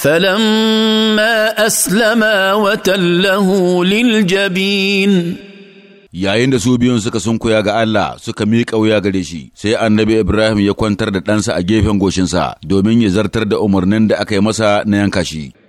فلما أسلما وتله للجبين yayin da su biyun suka sunkuya ga Allah suka miƙa wuya gare shi sai annabi Ibrahim ya kwantar da ɗansa a gefen goshinsa domin ya zartar da umarnin da aka yi masa na yanka shi